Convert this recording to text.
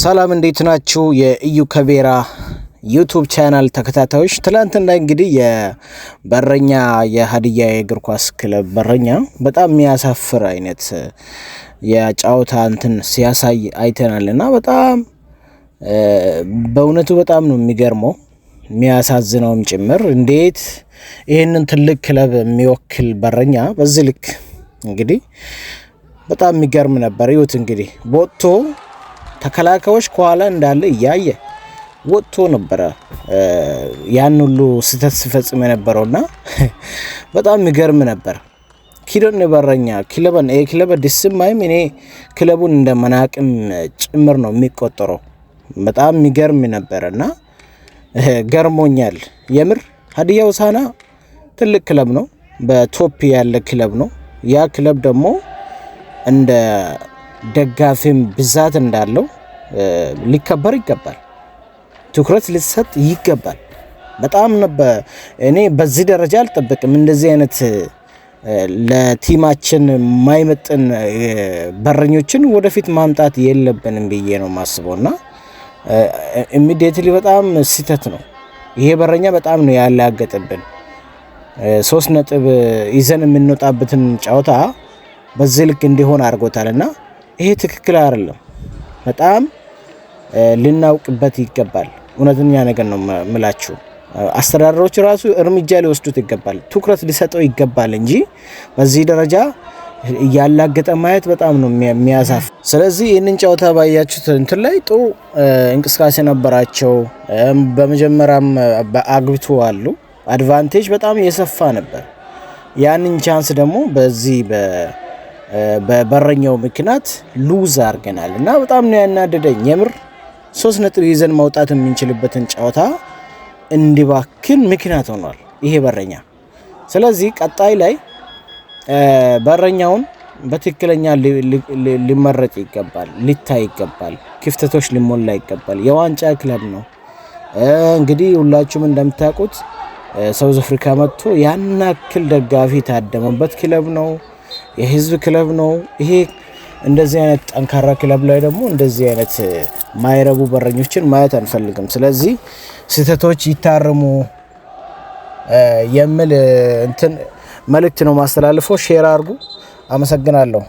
ሰላም እንዴት ናችሁ? የኢዩ ከቤራ ዩቱብ ቻናል ተከታታዮች፣ ትላንትና እንግዲህ የበረኛ የሀዲያ የእግር ኳስ ክለብ በረኛ በጣም የሚያሳፍር አይነት የጨዋታ እንትን ሲያሳይ አይተናል እና በጣም በእውነቱ በጣም ነው የሚገርመው የሚያሳዝነውም ጭምር እንዴት ይህንን ትልቅ ክለብ የሚወክል በረኛ በዚህ ልክ እንግዲህ በጣም የሚገርም ነበር። ይሁት እንግዲህ ቦቶ ተከላካዮች ከኋላ እንዳለ እያየ ወጥቶ ነበረ ያን ሁሉ ስህተት ሲፈጽም የነበረውና በጣም ይገርም ነበር። ኪዶን በረኛ ክለበን ክለበ ድስማይም እኔ ክለቡን እንደ መናቅም ጭምር ነው የሚቆጠረው። በጣም የሚገርም ነበረ ገርሞኛል የምር ሀዲያ ሆሳዕና ትልቅ ክለብ ነው፣ በቶፕ ያለ ክለብ ነው። ያ ክለብ ደግሞ እንደ ደጋፊም ብዛት እንዳለው ሊከበር ይገባል። ትኩረት ሊሰጥ ይገባል። በጣም እኔ በዚህ ደረጃ አልጠብቅም። እንደዚህ አይነት ለቲማችን ማይመጥን በረኞችን ወደፊት ማምጣት የለብንም ብዬ ነው ማስበው እና ኢሚዲየትሊ በጣም ስህተት ነው። ይሄ በረኛ በጣም ነው ያለያገጥብን። ሶስት ነጥብ ይዘን የምንወጣበትን ጨዋታ በዚህ ልክ እንዲሆን አድርጎታል እና ይሄ ትክክል አይደለም በጣም ልናውቅበት ይገባል። እውነተኛ ነገር ነው ምላችሁ። አስተዳደሮች ራሱ እርምጃ ሊወስዱት ይገባል፣ ትኩረት ሊሰጠው ይገባል እንጂ በዚህ ደረጃ ያላገጠ ማየት በጣም ነው የሚያሳፍ። ስለዚህ ይህንን ጨዋታ ባያችሁት እንትን ላይ ጥሩ እንቅስቃሴ ነበራቸው። በመጀመሪያም አግብቶ አሉ አድቫንቴጅ በጣም የሰፋ ነበር። ያንን ቻንስ ደግሞ በዚህ በበረኛው ምክንያት ሉዝ አድርገናል እና በጣም ነው ያናደደኝ የምር ሶስት ነጥብ ይዘን መውጣት የምንችልበትን ጨዋታ እንዲባክን ምክንያት ሆኗል ይሄ በረኛ። ስለዚህ ቀጣይ ላይ በረኛውን በትክክለኛ ሊመረጥ ይገባል፣ ሊታይ ይገባል፣ ክፍተቶች ሊሞላ ይገባል። የዋንጫ ክለብ ነው እንግዲህ ሁላችሁም እንደምታውቁት ሳውዝ አፍሪካ መጥቶ ያን ያክል ደጋፊ የታደመበት ክለብ ነው፣ የህዝብ ክለብ ነው ይሄ እንደዚህ አይነት ጠንካራ ክለብ ላይ ደግሞ እንደዚህ አይነት ማይረቡ በረኞችን ማየት አንፈልግም። ስለዚህ ስህተቶች ይታርሙ የሚል እንትን መልእክት ነው ማስተላልፎ። ሼር አድርጉ። አመሰግናለሁ።